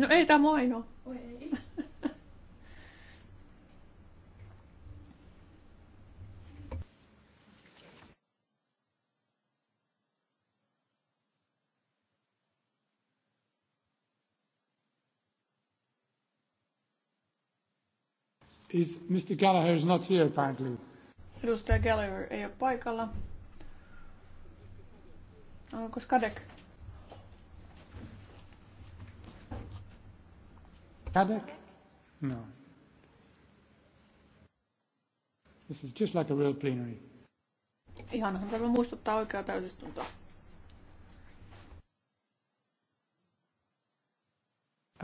No ei tämä mua ainoa. Is Mr. Gallagher is not here apparently. Edustaja Gallagher ei ole paikalla. Onko Skadek? Paddock? No. This is just like a real plenary. Ihanhan tämä muistuttaa oikeaa täysistuntoa.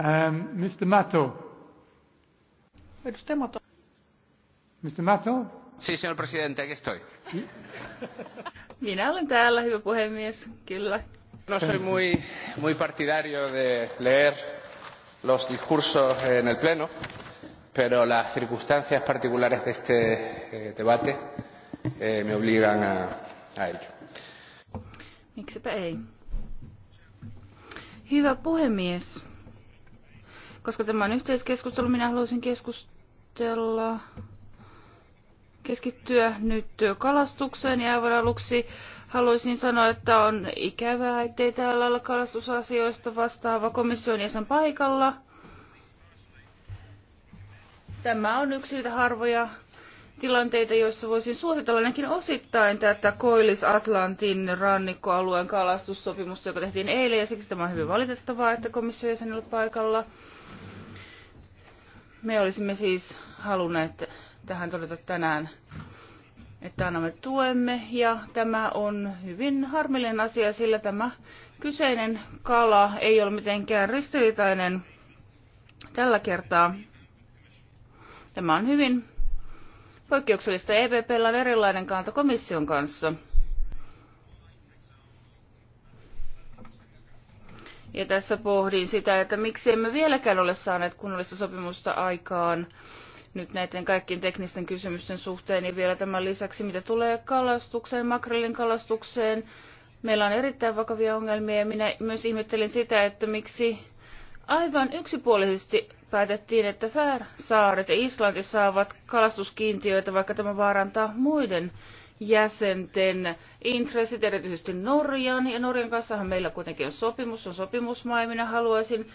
Um, Mr. Mato. Edustaja Mato. Mr. Mato? Siis, señor presidente, aquí estoy. Minä olen täällä, hyvä puhemies, kyllä. No soy muy, muy partidario de leer los discursos en el Pleno, pero las circunstancias particulares de este eh, debate eh, me obligan a, a ello. Miksipä ei. Hyvä puhemies. Koska tämä on yhteiskeskustelu, minä haluaisin keskustella, keskittyä nyt kalastukseen ja aivan aluksi Haluaisin sanoa, että on ikävää, ettei täällä ole kalastusasioista vastaava komission jäsen paikalla. Tämä on yksi niitä harvoja tilanteita, joissa voisin suositella ainakin osittain tätä Koillis-Atlantin rannikkoalueen kalastussopimusta, joka tehtiin eilen, ja siksi tämä on hyvin valitettavaa, että komission jäsen oli paikalla. Me olisimme siis halunneet tähän todeta tänään että annamme tuemme ja tämä on hyvin harmillinen asia, sillä tämä kyseinen kala ei ole mitenkään ristiriitainen tällä kertaa. Tämä on hyvin poikkeuksellista. EPP on erilainen kanta komission kanssa. Ja tässä pohdin sitä, että miksi emme vieläkään ole saaneet kunnollista sopimusta aikaan nyt näiden kaikkien teknisten kysymysten suhteen. Ja niin vielä tämän lisäksi, mitä tulee kalastukseen, makrelin kalastukseen, meillä on erittäin vakavia ongelmia. Ja minä myös ihmettelin sitä, että miksi aivan yksipuolisesti päätettiin, että Färsaaret ja Islanti saavat kalastuskiintiöitä, vaikka tämä vaarantaa muiden jäsenten intressit, erityisesti Norjan. Ja Norjan kanssahan meillä kuitenkin on sopimus, on sopimusmaa, ja minä haluaisin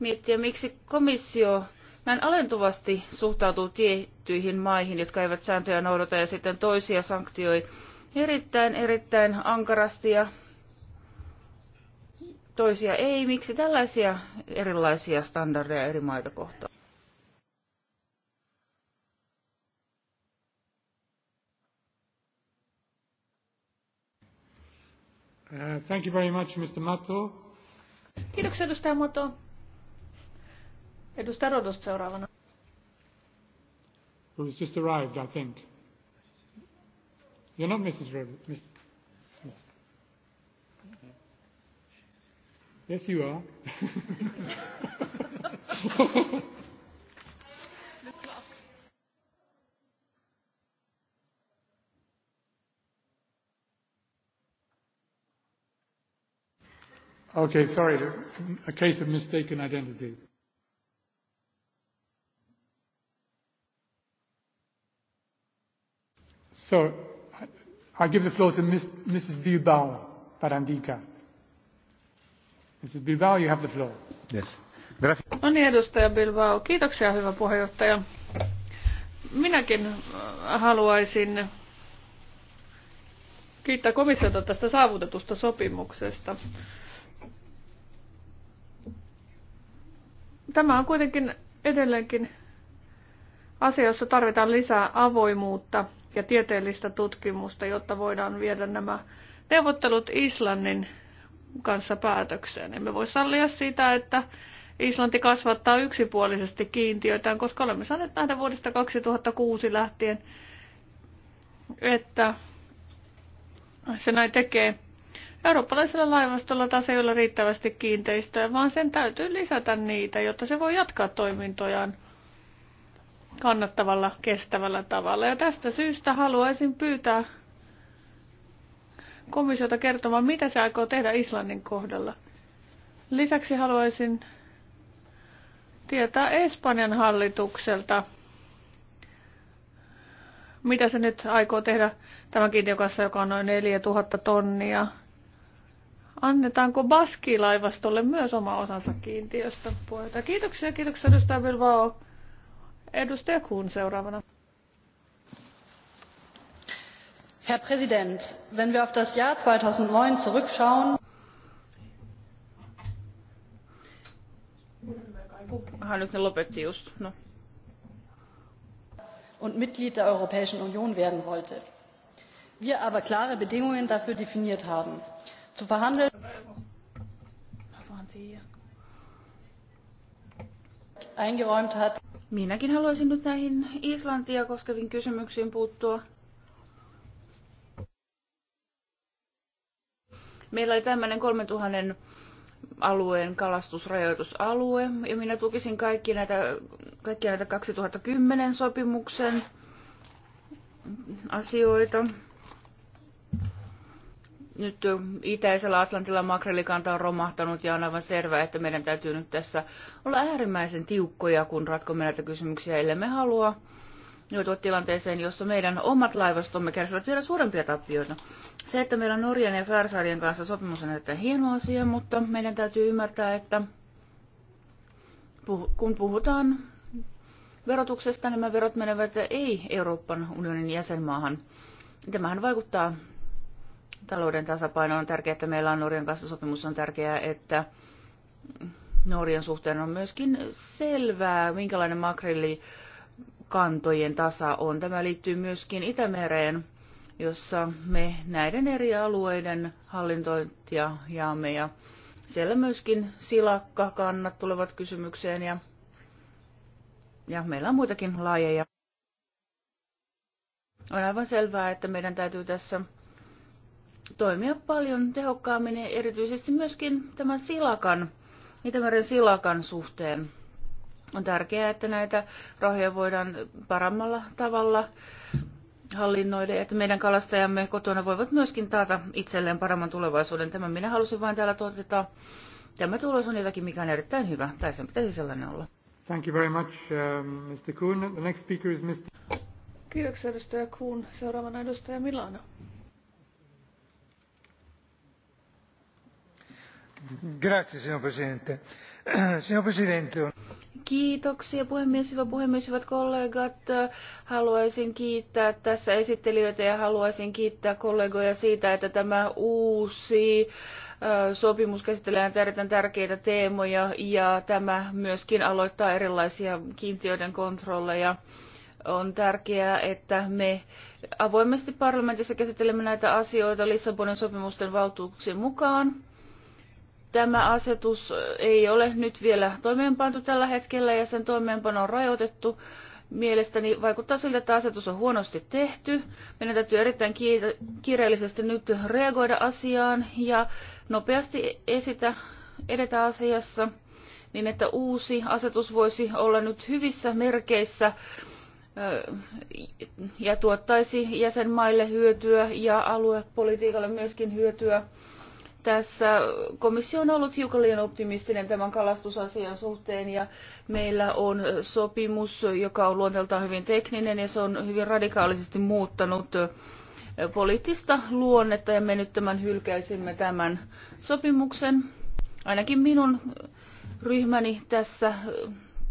miettiä, miksi komissio näin alentuvasti suhtautuu tiettyihin maihin, jotka eivät sääntöjä noudata ja sitten toisia sanktioi erittäin, erittäin ankarasti ja toisia ei. Miksi tällaisia erilaisia standardeja eri maita kohtaan? Uh, thank you very much, Mr. Mato. Kiitoksia, edustaja Mato. Edustaja Rodost seuraavana. Who's just arrived, I think. You're not Mrs. Rodost. Miss, miss. Yes, you are. okay, sorry, a case of mistaken identity. So I give the floor to Ms. Mrs. Bilbao Parandika. Mrs. Bilbao, you have the floor. Yes. No niin, edustaja Bilbao. Kiitoksia, hyvä puheenjohtaja. Minäkin äh, haluaisin kiittää komissiota tästä saavutetusta sopimuksesta. Tämä on kuitenkin edelleenkin asioissa tarvitaan lisää avoimuutta ja tieteellistä tutkimusta, jotta voidaan viedä nämä neuvottelut Islannin kanssa päätökseen. Emme voi sallia sitä, että Islanti kasvattaa yksipuolisesti kiintiöitään, koska olemme saaneet nähdä vuodesta 2006 lähtien, että se näin tekee. Eurooppalaisella laivastolla taas ei ole riittävästi kiinteistöä, vaan sen täytyy lisätä niitä, jotta se voi jatkaa toimintojaan kannattavalla, kestävällä tavalla. Ja tästä syystä haluaisin pyytää komissiota kertomaan, mitä se aikoo tehdä Islannin kohdalla. Lisäksi haluaisin tietää Espanjan hallitukselta, mitä se nyt aikoo tehdä tämän kiintiön kanssa, joka on noin 4000 tonnia. Annetaanko Baskilaivastolle myös oma osansa kiintiöstä? Puheenjohtaja. Kiitoksia, kiitoksia edustaja Bilbao. Edustaja Kuhn seuraavana. Herr Präsident, wenn wir auf das Jahr 2009 zurückschauen, no. Und Mitglied der Europäischen Union werden wollte. Wir aber klare Bedingungen dafür definiert haben. Zu verhandeln eingeräumt hat. Minäkin haluaisin nyt näihin Islantia koskeviin kysymyksiin puuttua. Meillä oli tämmöinen 3000 alueen kalastusrajoitusalue, ja minä tukisin kaikki näitä, kaikkia näitä 2010 sopimuksen asioita nyt itäisellä Atlantilla makrelikanta on romahtanut ja on aivan selvää, että meidän täytyy nyt tässä olla äärimmäisen tiukkoja, kun ratkomme näitä kysymyksiä, ellei me halua joutua tilanteeseen, jossa meidän omat laivastomme kärsivät vielä suurempia tappioita. Se, että meillä on Norjan ja Färsaarien kanssa sopimus on erittäin hieno asia, mutta meidän täytyy ymmärtää, että kun puhutaan verotuksesta, nämä verot menevät ei Euroopan unionin jäsenmaahan. Tämähän vaikuttaa talouden tasapaino on tärkeää, että meillä on Norjan kanssa sopimus. On tärkeää, että Norjan suhteen on myöskin selvää, minkälainen makrelli kantojen tasa on. Tämä liittyy myöskin Itämereen, jossa me näiden eri alueiden hallintointia jaamme ja siellä myöskin silakkakannat tulevat kysymykseen ja, ja meillä on muitakin lajeja. On aivan selvää, että meidän täytyy tässä toimia paljon tehokkaammin, erityisesti myöskin tämän silakan, Itämeren silakan suhteen. On tärkeää, että näitä rahoja voidaan paremmalla tavalla hallinnoida, että meidän kalastajamme kotona voivat myöskin taata itselleen paremman tulevaisuuden. Tämän minä halusin vain täällä todeta. Tämä tulos on jotakin, mikä on erittäin hyvä, tai sen pitäisi sellainen olla. Thank you very much, uh, Mr. Kuhn. The next speaker is Mr. Kiitoksia edustaja Kuhn. Seuraavana edustaja Milana. Kiitoksia puhemies, hyvä puhemies, hyvät kollegat. Haluaisin kiittää tässä esittelijöitä ja haluaisin kiittää kollegoja siitä, että tämä uusi sopimus käsitellään erittäin tärkeitä teemoja ja tämä myöskin aloittaa erilaisia kiintiöiden kontrolleja. On tärkeää, että me avoimesti parlamentissa käsittelemme näitä asioita Lissabonin sopimusten valtuuksien mukaan. Tämä asetus ei ole nyt vielä toimeenpantu tällä hetkellä ja sen toimeenpano on rajoitettu. Mielestäni vaikuttaa siltä, että asetus on huonosti tehty. Meidän täytyy erittäin kiireellisesti nyt reagoida asiaan ja nopeasti esitä, edetä asiassa niin, että uusi asetus voisi olla nyt hyvissä merkeissä ja tuottaisi jäsenmaille hyötyä ja aluepolitiikalle myöskin hyötyä tässä komissio on ollut hiukan liian optimistinen tämän kalastusasian suhteen ja meillä on sopimus, joka on luonteeltaan hyvin tekninen ja se on hyvin radikaalisesti muuttanut poliittista luonnetta ja me nyt tämän hylkäisimme tämän sopimuksen. Ainakin minun ryhmäni tässä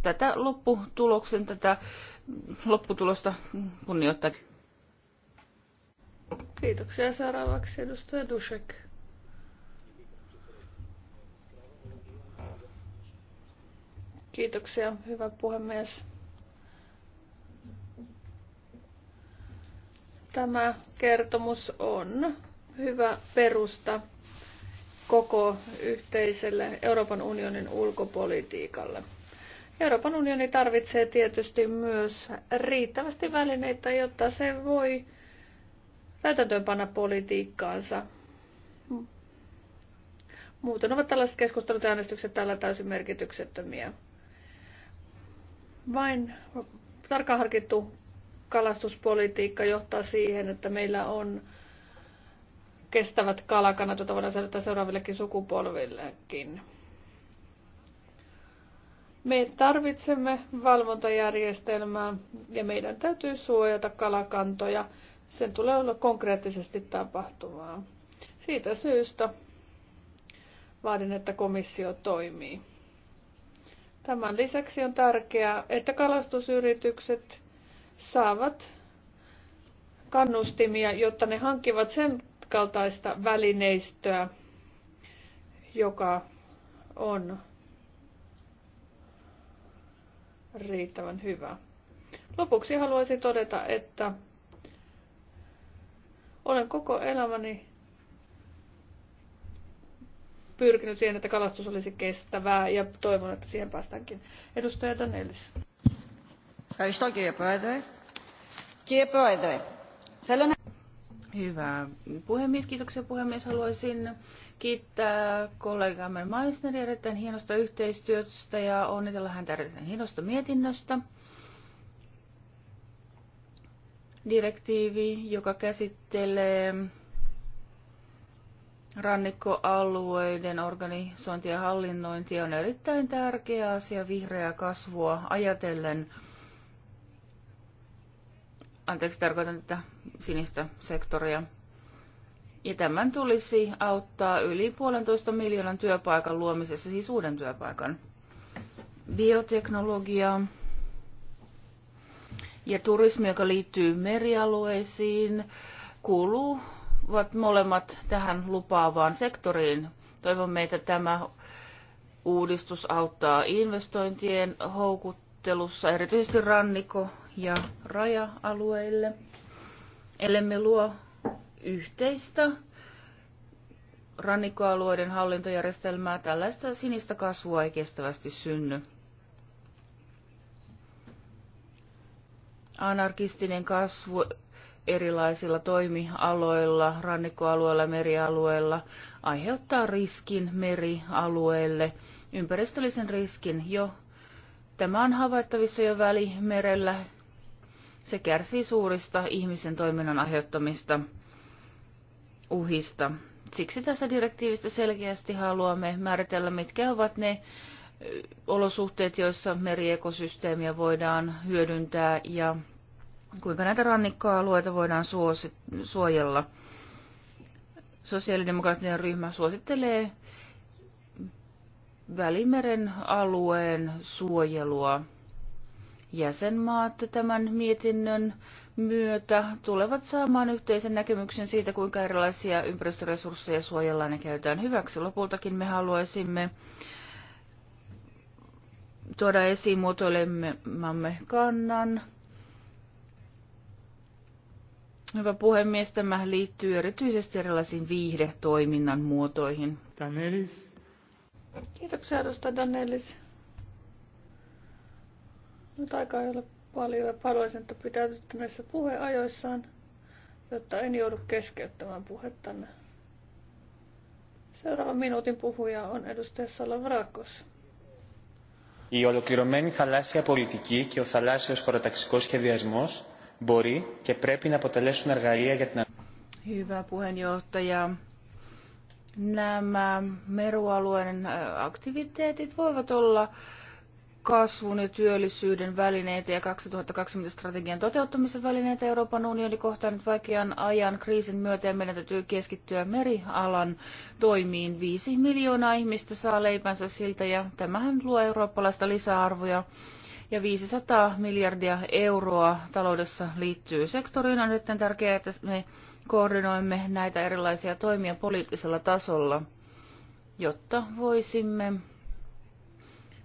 tätä lopputuloksen, tätä lopputulosta kunnioittaa. Kiitoksia. Seuraavaksi edustaja Dushek. Kiitoksia, hyvä puhemies. Tämä kertomus on hyvä perusta koko yhteiselle Euroopan unionin ulkopolitiikalle. Euroopan unioni tarvitsee tietysti myös riittävästi välineitä, jotta se voi täytäntöönpanna politiikkaansa. Muuten ovat tällaiset keskustelut ja äänestykset täällä täysin merkityksettömiä. Vain tarkkaan harkittu kalastuspolitiikka johtaa siihen, että meillä on kestävät kalakannat, joita voidaan säilyttää seuraavillekin sukupolvillekin. Me tarvitsemme valvontajärjestelmää ja meidän täytyy suojata kalakantoja. Sen tulee olla konkreettisesti tapahtuvaa. Siitä syystä vaadin, että komissio toimii. Tämän lisäksi on tärkeää, että kalastusyritykset saavat kannustimia, jotta ne hankkivat sen kaltaista välineistöä, joka on riittävän hyvä. Lopuksi haluaisin todeta, että olen koko elämäni pyrkinyt siihen, että kalastus olisi kestävää ja toivon, että siihen päästäänkin. Edustaja Danelis. Ευχαριστώ κύριε Πρόεδρε. Κύριε Πρόεδρε, θέλω να... Hyvä. Puhemies, kiitoksia puhemies. Haluaisin kiittää kollegamme Meissneria erittäin hienosta yhteistyöstä ja onnitella häntä erittäin hienosta mietinnöstä. Direktiivi, joka käsittelee Rannikkoalueiden organisointi ja hallinnointi on erittäin tärkeä asia vihreää kasvua ajatellen. Anteeksi, tarkoitan tätä sinistä sektoria. Ja tämän tulisi auttaa yli puolentoista miljoonan työpaikan luomisessa, siis uuden työpaikan. Bioteknologia ja turismi, joka liittyy merialueisiin, kuuluu ovat molemmat tähän lupaavaan sektoriin. Toivomme, että tämä uudistus auttaa investointien houkuttelussa, erityisesti rannikko- ja raja-alueille. Ellemme luo yhteistä rannikkoalueiden hallintojärjestelmää, tällaista sinistä kasvua ei kestävästi synny. Anarkistinen kasvu erilaisilla toimialoilla, rannikkoalueilla merialueella, merialueilla aiheuttaa riskin merialueelle, ympäristöllisen riskin jo. Tämä on havaittavissa jo välimerellä. Se kärsii suurista ihmisen toiminnan aiheuttamista uhista. Siksi tässä direktiivistä selkeästi haluamme määritellä, mitkä ovat ne olosuhteet, joissa meriekosysteemiä voidaan hyödyntää ja kuinka näitä rannikkoalueita voidaan suosi, suojella. Sosiaalidemokraattinen ryhmä suosittelee Välimeren alueen suojelua. Jäsenmaat tämän mietinnön myötä tulevat saamaan yhteisen näkemyksen siitä, kuinka erilaisia ympäristöresursseja suojellaan ja käytetään hyväksi. Lopultakin me haluaisimme tuoda esiin muotoilemamme kannan Hyvä puhemies, tämä liittyy erityisesti erilaisiin viihdetoiminnan muotoihin. Danelis. Kiitoksia edustaja Danelis. Nyt aika ei ole paljon ja haluaisin, että pitäytytte näissä puheajoissaan, jotta en joudu keskeyttämään puhettanne. Seuraava minuutin puhuja on edustaja Salavrakos. Η ολοκληρωμένη θαλάσσια πολιτική και ο θαλάσσιος χωροταξικός σχεδιασμός μπορεί και πρέπει να αποτελέσουν εργαλεία για την Hyvä puheenjohtaja. Nämä merualueen äh, aktiviteetit voivat olla kasvun ja työllisyyden välineitä ja 2020 strategian toteuttamisen välineitä Euroopan unioni kohtaa nyt vaikean ajan kriisin myötä ja meidän täytyy keskittyä merialan toimiin. Viisi miljoonaa ihmistä saa leipänsä siltä ja tämähän luo eurooppalaista lisäarvoja ja 500 miljardia euroa taloudessa liittyy sektoriin. On nyt tärkeää, että me koordinoimme näitä erilaisia toimia poliittisella tasolla, jotta voisimme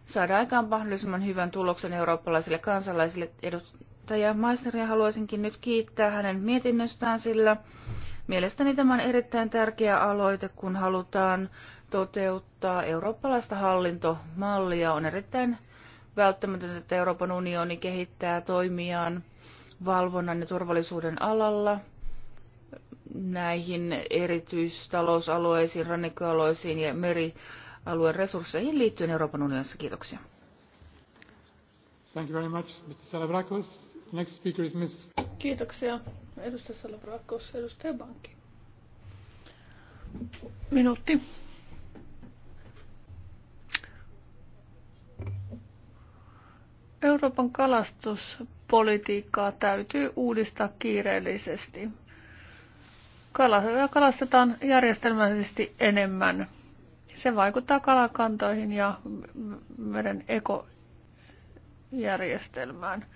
saada aikaan mahdollisimman hyvän tuloksen eurooppalaisille kansalaisille. Edustaja Maisteria haluaisinkin nyt kiittää hänen mietinnöstään, sillä mielestäni tämä on erittäin tärkeä aloite, kun halutaan toteuttaa eurooppalaista hallintomallia. On erittäin välttämätöntä, että Euroopan unioni kehittää toimiaan valvonnan ja turvallisuuden alalla näihin erityistalousalueisiin, rannikkoalueisiin ja merialueen resursseihin liittyen Euroopan unionissa. Kiitoksia. Thank you very much, Mr. Salavrakos. Next speaker is Ms. Kiitoksia. Edustaja Salavrakos, edustaja Banki. Minuutti. Euroopan kalastuspolitiikkaa täytyy uudistaa kiireellisesti. kalastetaan järjestelmällisesti enemmän. Se vaikuttaa kalakantoihin ja meren ekojärjestelmään.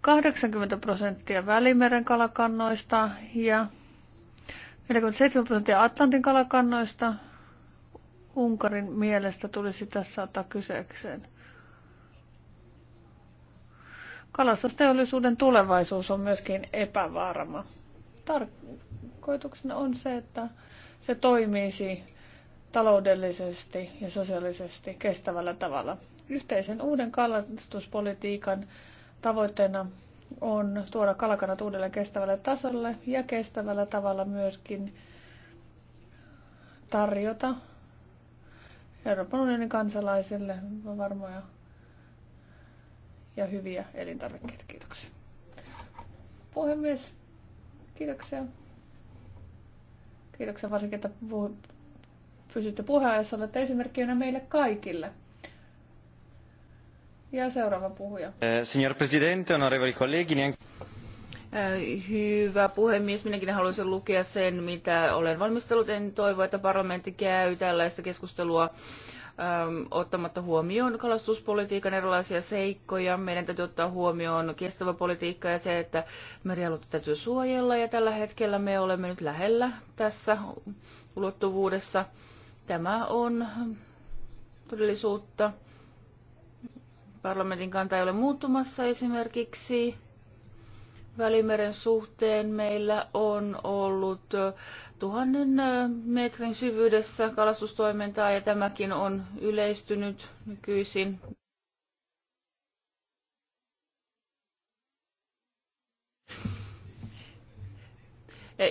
80 prosenttia Välimeren kalakannoista ja 47 prosenttia Atlantin kalakannoista Unkarin mielestä tulisi tässä ottaa kyseekseen. Kalastusteollisuuden tulevaisuus on myöskin epävarma. Tarkoituksena on se, että se toimisi taloudellisesti ja sosiaalisesti kestävällä tavalla. Yhteisen uuden kalastuspolitiikan tavoitteena on tuoda kalakannat uudelleen kestävälle tasolle ja kestävällä tavalla myöskin tarjota Euroopan unionin kansalaisille varmoja ja hyviä elintarvikkeita. Kiitoksia. Puhemies, kiitoksia. Kiitoksia varsinkin, että pysytte puheenajassa, olette esimerkkinä meille kaikille. Ja seuraava puhuja. Eh, signor Presidente, onorevoli colleghi, eh, Hyvä puhemies, minäkin haluaisin lukea sen, mitä olen valmistellut. En toivo, että parlamentti käy tällaista keskustelua ottamatta huomioon kalastuspolitiikan erilaisia seikkoja. Meidän täytyy ottaa huomioon kestävä politiikka ja se, että merialuetta täytyy suojella ja tällä hetkellä me olemme nyt lähellä tässä ulottuvuudessa. Tämä on todellisuutta. Parlamentin kanta ei ole muuttumassa esimerkiksi Välimeren suhteen meillä on ollut tuhannen metrin syvyydessä kalastustoimintaa ja tämäkin on yleistynyt nykyisin.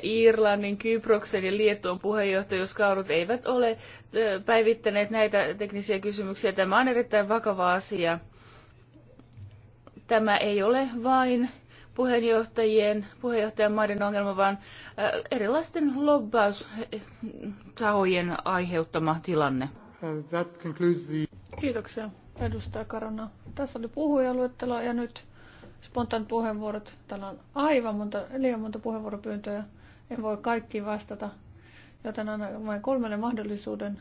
Irlannin, Kyproksen ja Liettuan puheenjohtajuuskaudut eivät ole päivittäneet näitä teknisiä kysymyksiä. Tämä on erittäin vakava asia. Tämä ei ole vain puheenjohtajien, puheenjohtajan maiden ongelma, vaan äh, erilaisten lobbaustahojen aiheuttama tilanne. That concludes the... Kiitoksia edustaja Karona. Tässä oli puhujaluettelo ja nyt spontaan puheenvuorot. Täällä on aivan monta, liian monta puheenvuoropyyntöjä. En voi kaikkiin vastata, joten annan vain kolmelle mahdollisuuden.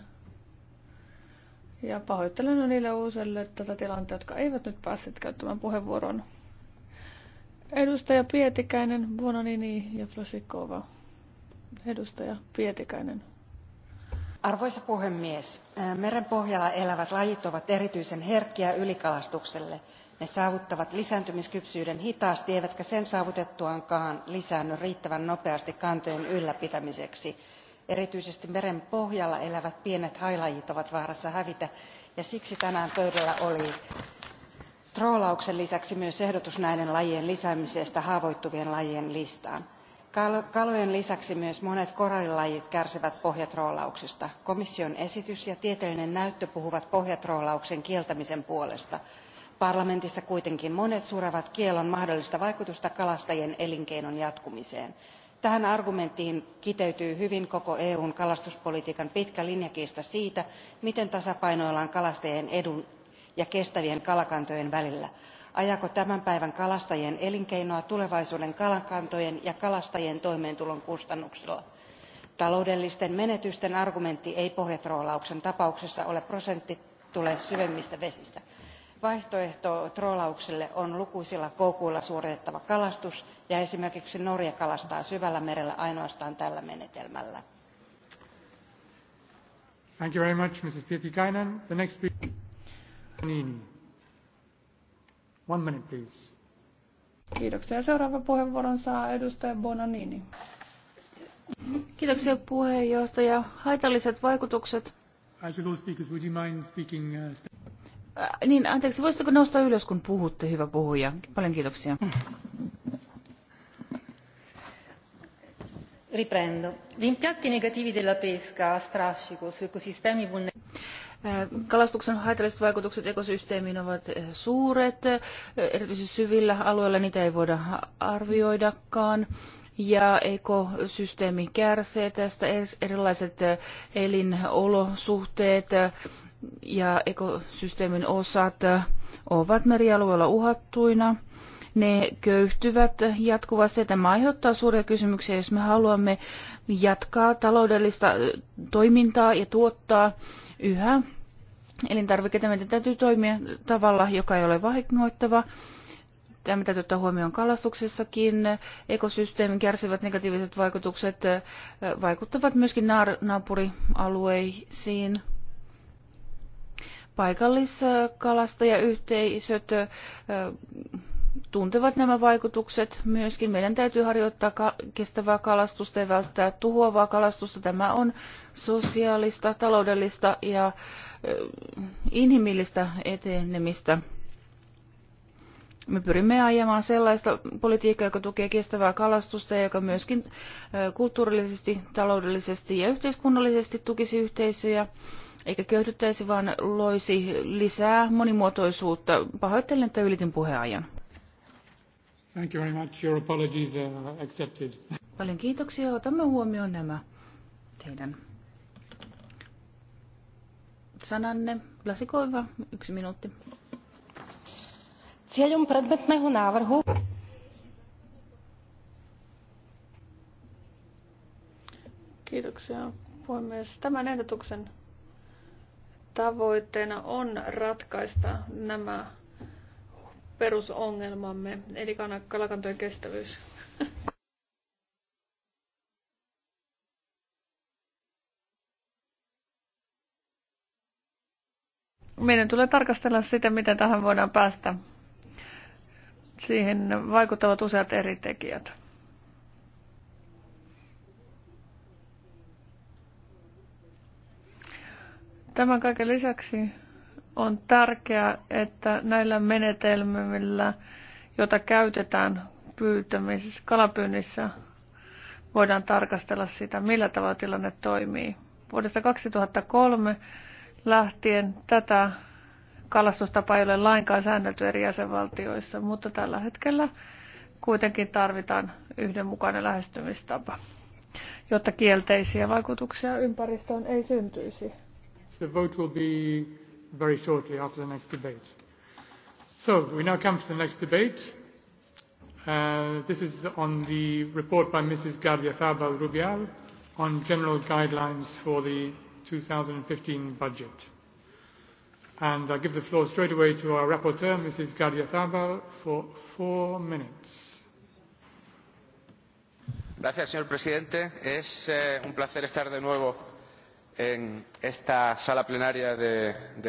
Ja pahoittelen niille uusille tätä tilanteita, jotka eivät nyt päässeet käyttämään puheenvuoron. Edustaja Pietikäinen, Buononini ja Flasikova. Edustaja Pietikäinen. Arvoisa puhemies, merenpohjalla elävät lajit ovat erityisen herkkiä ylikalastukselle. Ne saavuttavat lisääntymiskypsyyden hitaasti, eivätkä sen saavutettuaankaan lisäänny riittävän nopeasti kantojen ylläpitämiseksi. Erityisesti merenpohjalla elävät pienet hailajit ovat vaarassa hävitä, ja siksi tänään pöydällä oli troolauksen lisäksi myös ehdotus näiden lajien lisäämisestä haavoittuvien lajien listaan. kalojen lisäksi myös monet korallilajit kärsivät pohjatroolauksesta. komission esitys ja tieteellinen näyttö puhuvat pohjatroolauksen kieltämisen puolesta. parlamentissa kuitenkin monet surevat kiellon mahdollista vaikutusta kalastajien elinkeinon jatkumiseen. tähän argumenttiin kiteytyy hyvin koko eun kalastuspolitiikan pitkä linjakiista siitä miten tasapainoillaan kalastajien edun ja kestävien kalakantojen välillä? ajaako tämän päivän kalastajien elinkeinoa tulevaisuuden kalakantojen ja kalastajien toimeentulon kustannuksella? taloudellisten menetysten argumentti ei pohjatroolauksen tapauksessa ole prosentti tule syvemmistä vesistä. vaihtoehto troolaukselle on lukuisilla koukuilla suoritettava kalastus ja esimerkiksi norja kalastaa syvällä merellä ainoastaan tällä menetelmällä. Niin. One minute, please. Kiitoksia. Seuraava puheenvuoron saa edustaja Bonanini. Kiitoksia puheenjohtaja. Haitalliset vaikutukset. Uh, äh, niin, anteeksi, voisitteko nousta ylös, kun puhutte, hyvä puhuja? Paljon kiitoksia. Riprendo. Gli impatti negativi della pesca a strascico su ecosistemi vulnerabili Kalastuksen haitalliset vaikutukset ekosysteemiin ovat eh, suuret. Eh, erityisesti syvillä alueilla niitä ei voida arvioidakaan ja ekosysteemi kärsii tästä erilaiset eh, elinolosuhteet ja ekosysteemin osat ovat merialueella uhattuina ne köyhtyvät jatkuvasti. Tämä aiheuttaa suuria kysymyksiä, jos me haluamme jatkaa taloudellista toimintaa ja tuottaa yhä elintarvikkeita. Meidän täytyy toimia tavalla, joka ei ole vahingoittava. Tämä täytyy ottaa huomioon kalastuksessakin. Ekosysteemin kärsivät negatiiviset vaikutukset vaikuttavat myöskin naapurialueisiin paikalliskalastajayhteisöt tuntevat nämä vaikutukset. Myöskin meidän täytyy harjoittaa kestävää kalastusta ja välttää tuhoavaa kalastusta. Tämä on sosiaalista, taloudellista ja inhimillistä etenemistä. Me pyrimme ajamaan sellaista politiikkaa, joka tukee kestävää kalastusta ja joka myöskin kulttuurillisesti, taloudellisesti ja yhteiskunnallisesti tukisi yhteisöjä eikä köyhdyttäisi, vaan loisi lisää monimuotoisuutta. Pahoittelen, että ylitin puheajan. Thank you very much. Your apologies are uh, accepted. Paljon kiitoksia. Otamme huomioon nämä teidän sananne. Lasikoiva, yksi minuutti. Cieľom predmetného návrhu Kiitoksia puhemies. Tämän ehdotuksen tavoitteena on ratkaista nämä perusongelmamme, eli kalakantojen kestävyys. Meidän tulee tarkastella sitä, miten tähän voidaan päästä. Siihen vaikuttavat useat eri tekijät. Tämän kaiken lisäksi on tärkeää, että näillä menetelmillä, joita käytetään pyytämisessä, kalapyynnissä, voidaan tarkastella sitä, millä tavalla tilanne toimii. Vuodesta 2003 lähtien tätä kalastustapa ei ole lainkaan säännelty eri jäsenvaltioissa, mutta tällä hetkellä kuitenkin tarvitaan yhdenmukainen lähestymistapa, jotta kielteisiä vaikutuksia ympäristöön ei syntyisi. The vote will be very shortly after the next debate. So we now come to the next debate. Uh, this is on the report by Mrs. Gardia Zabal Rubial on general guidelines for the 2015 budget. And I give the floor straight away to our rapporteur, Mrs. Gardia Zabal, for four minutes. Gracias, señor presidente. Es eh, un placer estar de nuevo en esta sala plenaria de, de